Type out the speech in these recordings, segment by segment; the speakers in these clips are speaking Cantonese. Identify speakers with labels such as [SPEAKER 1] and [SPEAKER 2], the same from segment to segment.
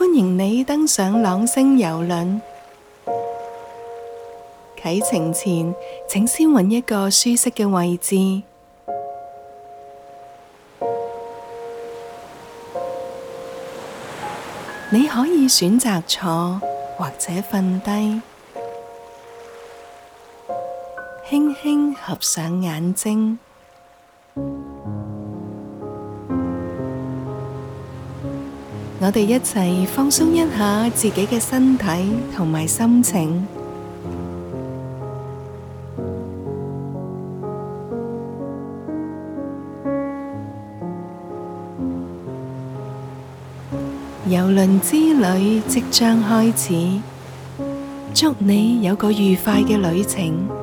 [SPEAKER 1] 歡迎你登上朗星遊輪。啟程前，請先揾一個舒適嘅位置。你可以選擇坐或者瞓低，輕輕合上眼睛。我哋一齊放鬆一下自己嘅身體同埋心情。遊輪之旅即將開始，祝你有個愉快嘅旅程。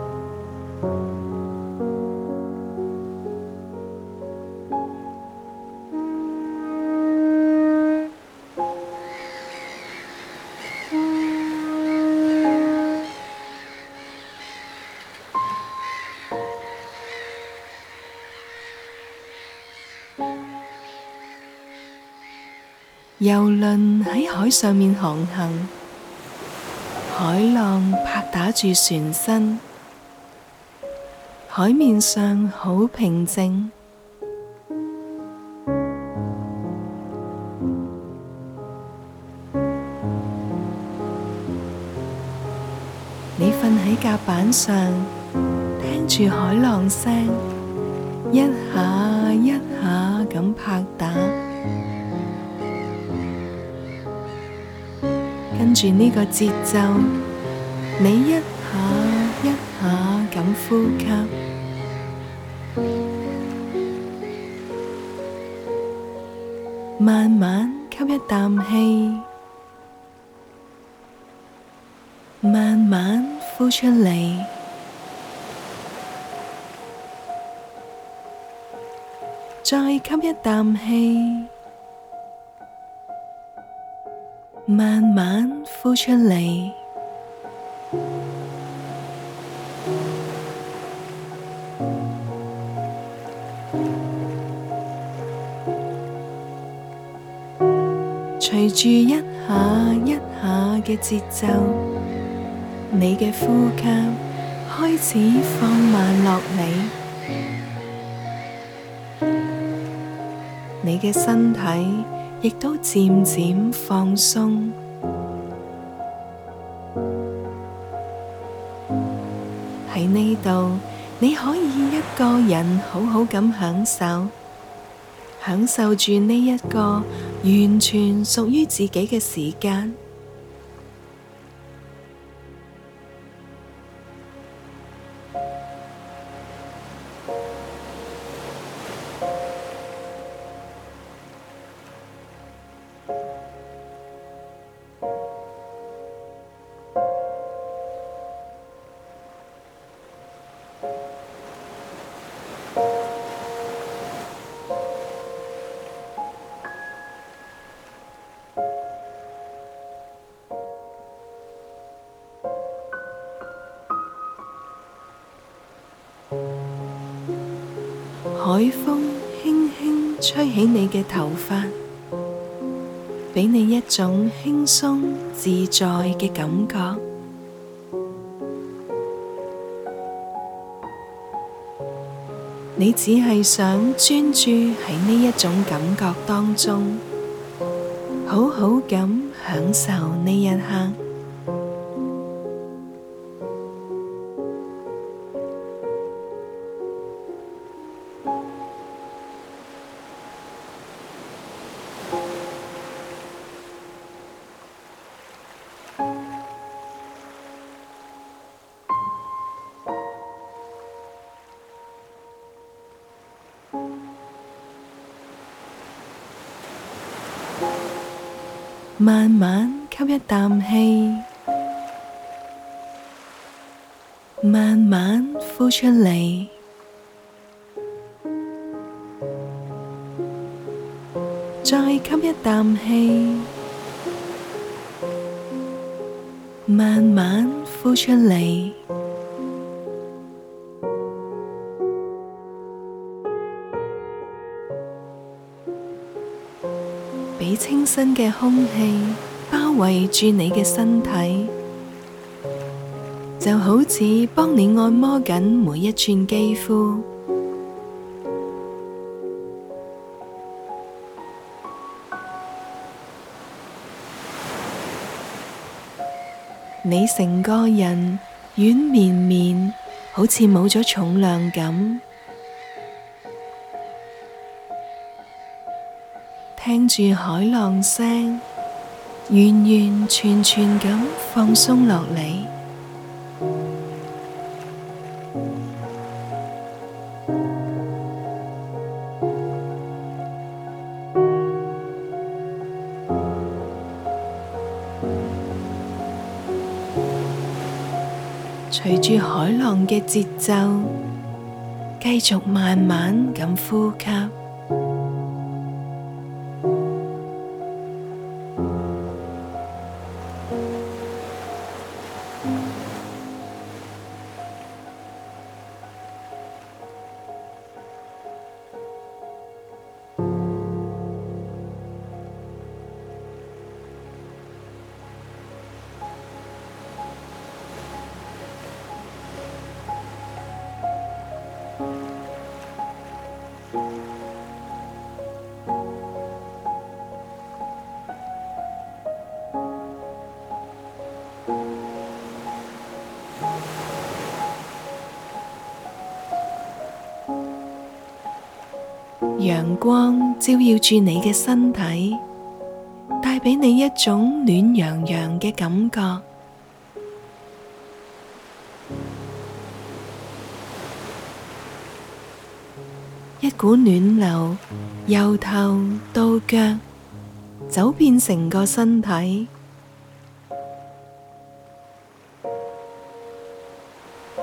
[SPEAKER 1] 遊輪喺海上面航行，海浪拍打住船身，海面上好平靜。你瞓喺甲板上，聽住海浪聲，一下一下咁拍打。跟住呢個節奏，你一下一下咁呼吸，慢慢吸一啖氣，慢慢呼出嚟，再吸一啖氣。慢慢呼出嚟，隨住一下一下嘅節奏，你嘅呼吸開始放慢落嚟，你嘅身體。亦都漸漸放鬆。喺呢度，你可以一個人好好咁享受，享受住呢一個完全屬於自己嘅時間。海風輕輕吹起你嘅頭髮，俾你一種輕鬆自在嘅感覺。你只係想專注喺呢一種感覺當中，好好咁享受呢一刻。慢慢吸一啖氣，慢慢呼出嚟。再吸一啖氣，慢慢呼出嚟。新嘅空氣包圍住你嘅身體，就好似幫你按摩緊每一寸肌膚。你成個人軟綿綿，好似冇咗重量咁。聽住海浪聲，完完全全咁放鬆落嚟。隨住海浪嘅節奏，繼續慢慢咁呼吸。陽光照耀住你嘅身體，帶畀你一種暖洋洋嘅感覺，一股暖流由頭到腳，走遍成個身體，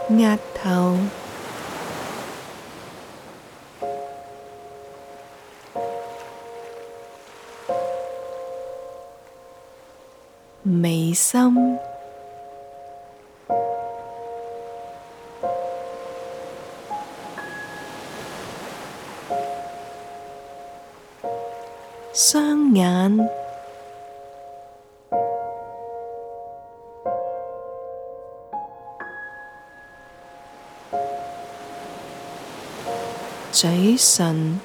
[SPEAKER 1] 額頭。眉心、雙雙眼、嘴唇。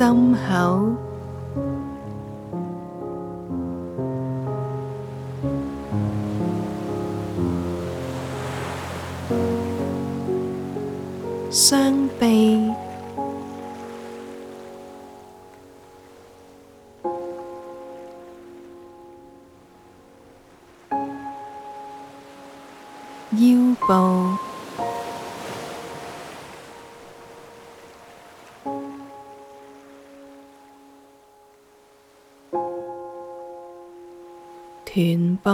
[SPEAKER 1] 心口、雙臂、
[SPEAKER 2] 腰
[SPEAKER 1] 部。臀部、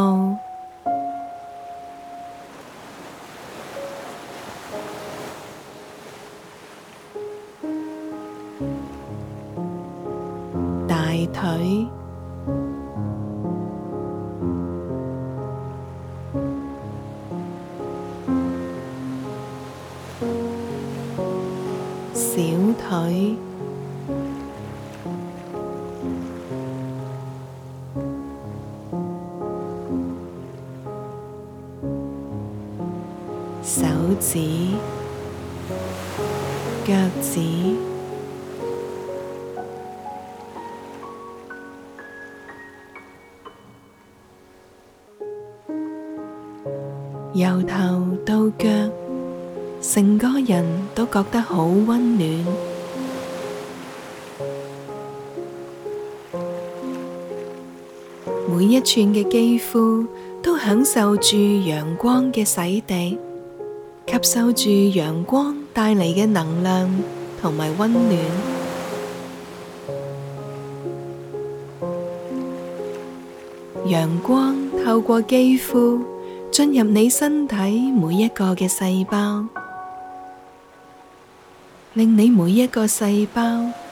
[SPEAKER 1] 大腿、小腿。由頭到腳，成個人都覺得好溫暖。每一寸嘅肌膚都享受住陽光嘅洗禮，吸收住陽光帶嚟嘅能量同埋溫暖。陽光透過肌膚。進入你身體每一個嘅細胞，令你每一個細胞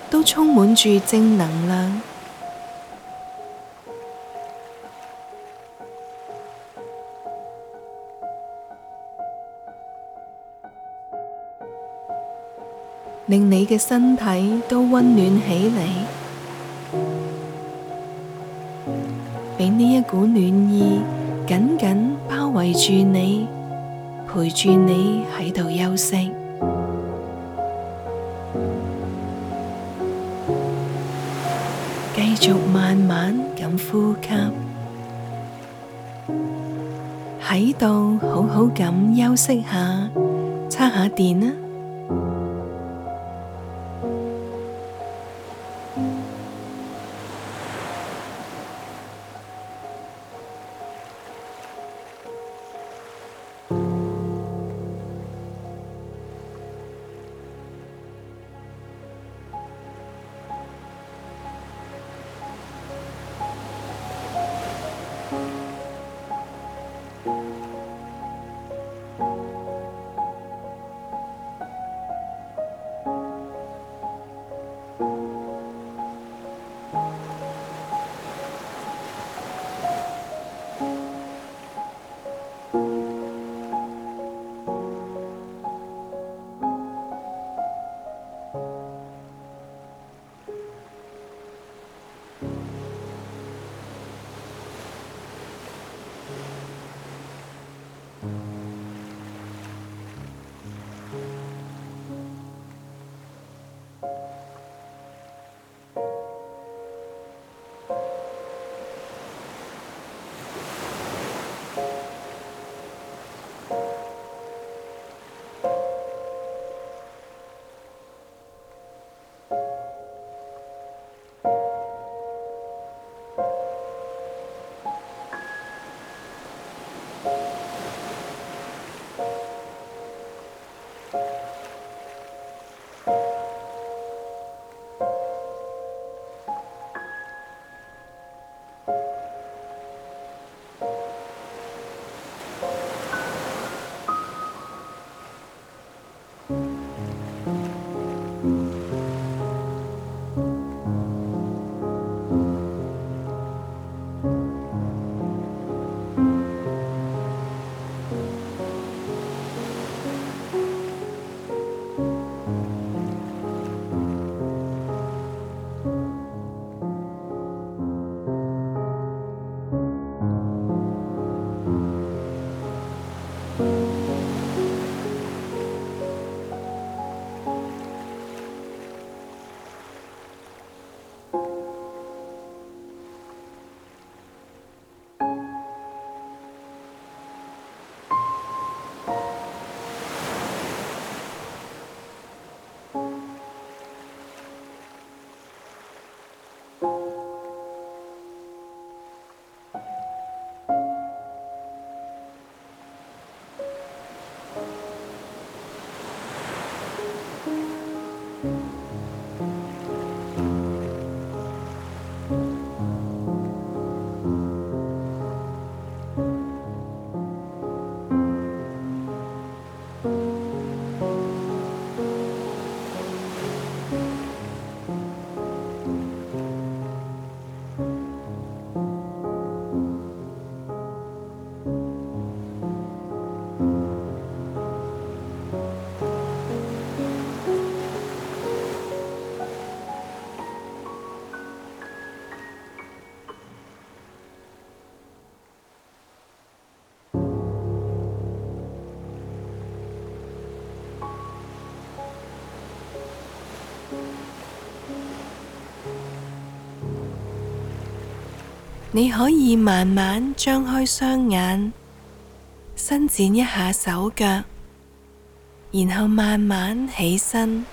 [SPEAKER 1] 都充滿住正能量，令你嘅身體都溫暖起嚟，畀呢一股暖意。緊緊包圍住你，陪住你喺度休息，繼續慢慢咁呼吸，喺度好好咁休息下，叉下電啦。你可以慢慢張開雙眼，伸展一下手腳，然後慢慢起身。